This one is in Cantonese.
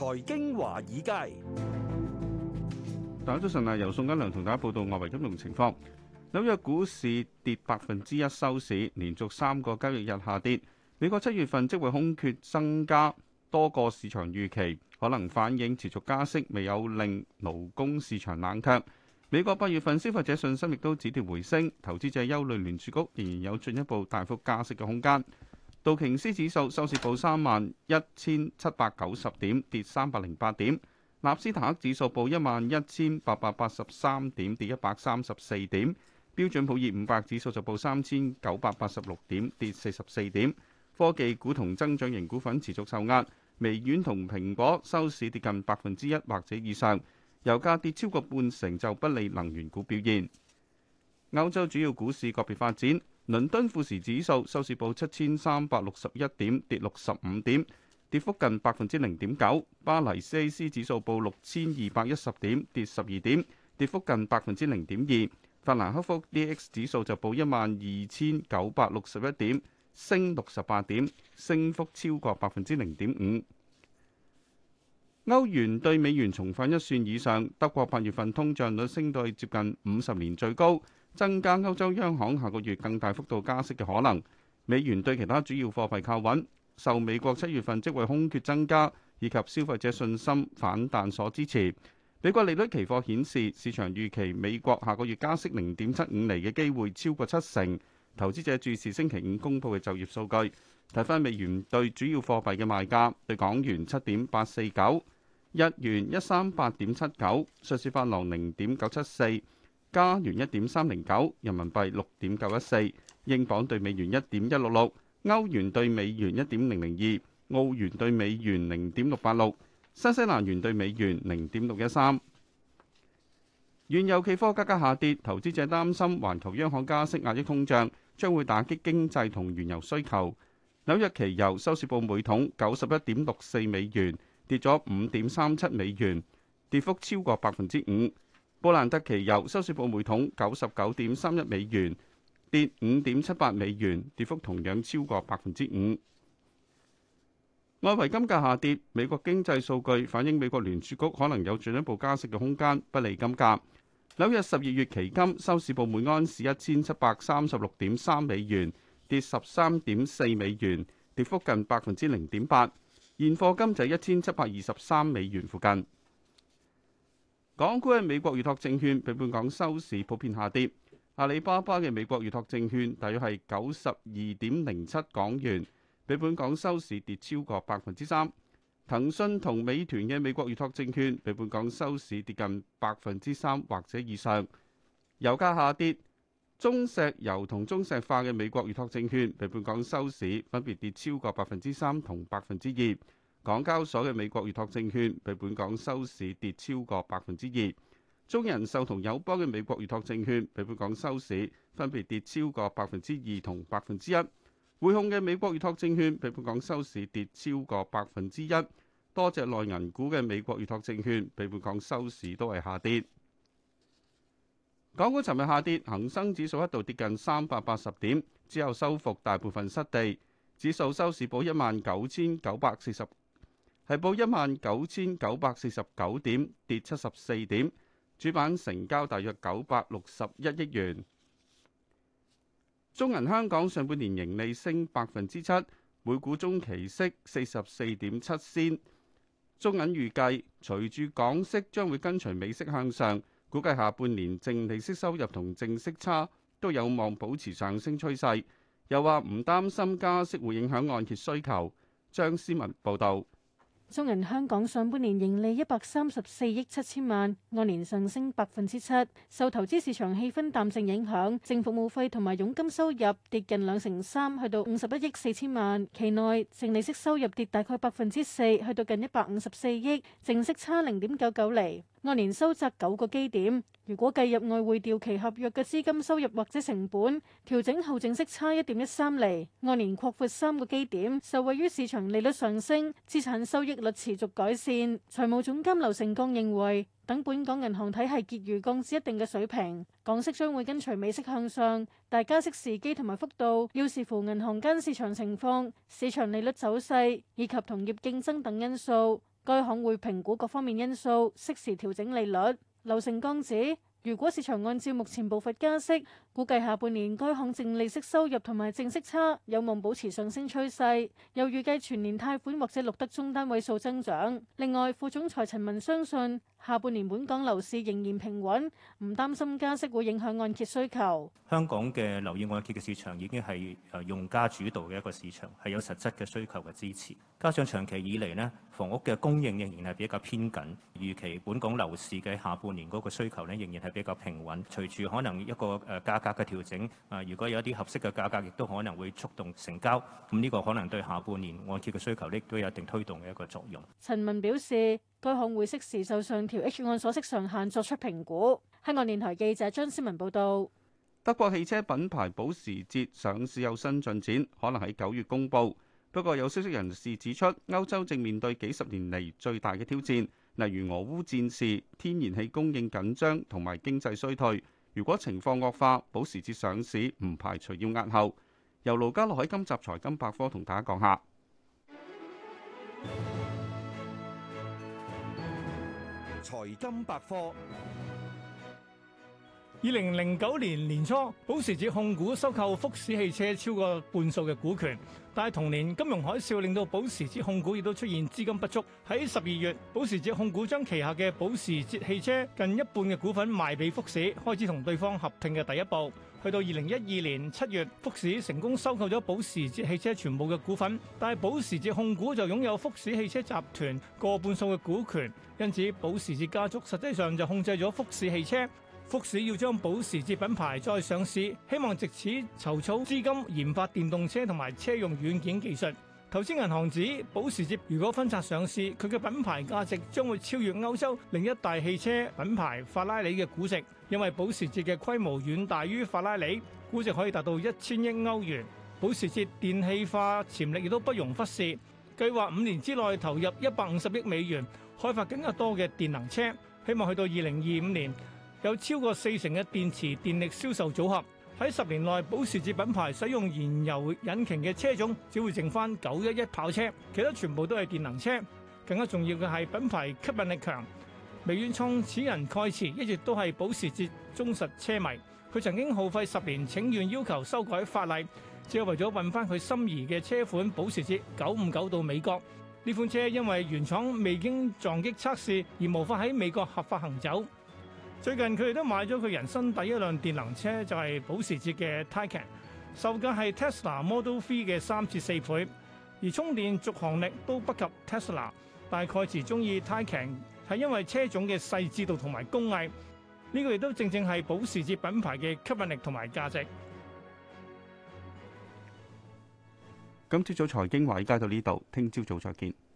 財經華爾街，大家早晨啊！由宋恩良同大家報道外圍金融情況。紐約股市跌百分之一收市，連續三個交易日下跌。美國七月份職位空缺增加，多過市場預期，可能反映持續加息未有令勞工市場冷卻。美國八月份消費者信心亦都止跌回升，投資者憂慮聯儲局仍然有進一步大幅加息嘅空間。道瓊斯指數收市報三萬一千七百九十點，跌三百零八點；納斯達克指數報一萬一千八百八十三點，跌一百三十四點；標準普爾五百指數就報三千九百八十六點，跌四十四點。科技股同增長型股份持續受壓，微軟同蘋果收市跌近百分之一或者以上。油價跌超過半成就不利能源股表現。歐洲主要股市個別發展。倫敦富時指數收市報七千三百六十一點，跌六十五點，跌幅近百分之零點九。巴黎 CAC 指數報六千二百一十點，跌十二點，跌幅近百分之零點二。法蘭克福 DAX 指數就報一萬二千九百六十一點，升六十八點，升幅超過百分之零點五。歐元對美元重返一算以上。德國八月份通脹率升到接近五十年最高。增加歐洲央行下個月更大幅度加息嘅可能，美元對其他主要貨幣靠穩，受美國七月份職位空缺增加以及消費者信心反彈所支持。美國利率期貨顯示市場預期美國下個月加息零點七五厘嘅機會超過七成。投資者注視星期五公布嘅就業數據。睇翻美元對主要貨幣嘅賣價，對港元七點八四九，日元一三八點七九，瑞士法郎零點九七四。加元一點三零九，人民幣六點九一四，英鎊對美元一點一六六，歐元對美元一點零零二，澳元對美元零點六八六，新西蘭元對美元零點六一三。原油期貨價格下跌，投資者擔心環球央行加息壓抑通脹，將會打擊經濟同原油需求。紐約期油收市報每桶九十一點六四美元，跌咗五點三七美元，跌幅超過百分之五。布蘭特期油收市報每桶九十九點三一美元，跌五點七八美元，跌幅同樣超過百分之五。外圍金價下跌，美國經濟數據反映美國聯儲局可能有進一步加息嘅空間，不利金價。紐約十二月期金收市報每安士一千七百三十六點三美元，跌十三點四美元，跌幅近百分之零點八。現貨金就一千七百二十三美元附近。港股嘅美國預託證券，比本港收市普遍下跌。阿里巴巴嘅美國預託證券，大約係九十二點零七港元，比本港收市跌超過百分之三。騰訊同美團嘅美國預託證券，比本港收市跌近百分之三或者以上。油價下跌，中石油同中石化嘅美國預託證券，比本港收市分別跌超過百分之三同百分之二。港交所嘅美國預託證券被本港收市跌超過百分之二，中人壽同友邦嘅美國預託證券被本港收市分別跌超過百分之二同百分之一。匯控嘅美國預託證券被本港收市跌超過百分之一，多隻內銀股嘅美國預託證券被本港收市都係下跌。港股尋日下跌，恒生指數一度跌近三百八十點，之後收復大部分失地，指數收市報一萬九千九百四十。係報一萬九千九百四十九點，跌七十四點。主板成交大約九百六十一億元。中銀香港上半年盈利升百分之七，每股中期息四十四點七仙。中銀預計隨住港息將會跟隨美息向上，估計下半年淨利息收入同淨息差都有望保持上升趨勢。又話唔擔心加息會影響按揭需求。張思文報道。中銀香港上半年盈利一百三十四億七千萬，按年上升百分之七。受投資市場氣氛淡靜影響，淨服務費同埋佣金收入跌近兩成三，去到五十一億四千萬。期內淨利息收入跌大概百分之四，去到近一百五十四億，淨息差零點九九厘。按年收窄九個基點，如果計入外匯掉期合約嘅資金收入或者成本調整後，淨息差一點一三厘，按年擴闊三個基點，受惠於市場利率上升、資產收益率持續改善。財務總監劉成剛認為，等本港銀行體系結餘降至一定嘅水平，港息將會跟隨美息向上。但加息時機同埋幅度要視乎銀行間市場情況、市場利率走勢以及同業競爭等因素。該行會評估各方面因素，適時調整利率。劉成剛指，如果市場按照目前步伐加息，估計下半年該行淨利息收入同埋淨息差有望保持上升趨勢，又預計全年貸款或者錄得中單位數增長。另外，副總裁陳文相信。下半年本港樓市仍然平穩，唔擔心加息會影響按揭需求。香港嘅樓宇按揭嘅市場已經係誒用家主導嘅一個市場，係有實質嘅需求嘅支持。加上長期以嚟呢，房屋嘅供應仍然係比較偏緊，預期本港樓市嘅下半年嗰個需求呢仍然係比較平穩，隨住可能一個誒價格嘅調整，啊，如果有一啲合適嘅價格，亦都可能會觸動成交。咁呢個可能對下半年按揭嘅需求呢都有一定推動嘅一個作用。陳文表示。該項會適時就上調 H 案所息上限作出評估。香港電台記者張思文報道。德國汽車品牌保時捷上市有新進展，可能喺九月公布。不過有消息人士指出，歐洲正面對幾十年嚟最大嘅挑戰，例如俄烏戰事、天然氣供應緊張同埋經濟衰退。如果情況惡化，保時捷上市唔排除要押後。由盧家樂喺今集財金百科同大家講下。 財金百科。二零零九年年初，保時捷控股收購福士汽車超過半數嘅股權，但係同年金融海嘯令到保時捷控股亦都出現資金不足。喺十二月，保時捷控股將旗下嘅保時捷汽車近一半嘅股份賣俾福士，開始同對方合併嘅第一步。去到二零一二年七月，福士成功收購咗保時捷汽車全部嘅股份，但係保時捷控股就擁有福士汽車集團過半數嘅股權，因此保時捷家族實際上就控制咗福士汽車。福士要將保時捷品牌再上市，希望藉此籌措資金，研發電動車同埋車用軟件技術。投資銀行指，保時捷如果分拆上市，佢嘅品牌價值將會超越歐洲另一大汽車品牌法拉利嘅估值，因為保時捷嘅規模遠大於法拉利，估值可以達到一千億歐元。保時捷電氣化潛力亦都不容忽視，計劃五年之內投入一百五十億美元開發更加多嘅電能車，希望去到二零二五年。有超過四成嘅電池電力銷售組合。喺十年內，保時捷品牌使用燃油引擎嘅車種只會剩翻九一一跑車，其他全部都係電能車。更加重要嘅係品牌吸引力強。微軟創始人蓋茨一直都係保時捷忠實車迷，佢曾經耗費十年請願要求修改法例，只係為咗運翻佢心儀嘅車款保時捷九五九到美國。呢款車因為原廠未經撞擊測試而無法喺美國合法行走。最近佢哋都買咗佢人生第一輛電能車，就係保時捷嘅 Taycan，售價係 Tesla Model 3嘅三至四倍，而充電續航力都不及 Tesla。大概蓋茨鍾意 Taycan 係因為車種嘅細緻度同埋工藝，呢個亦都正正係保時捷品牌嘅吸引力同埋價值。今朝早財經華爾街到呢度，聽朝早再見。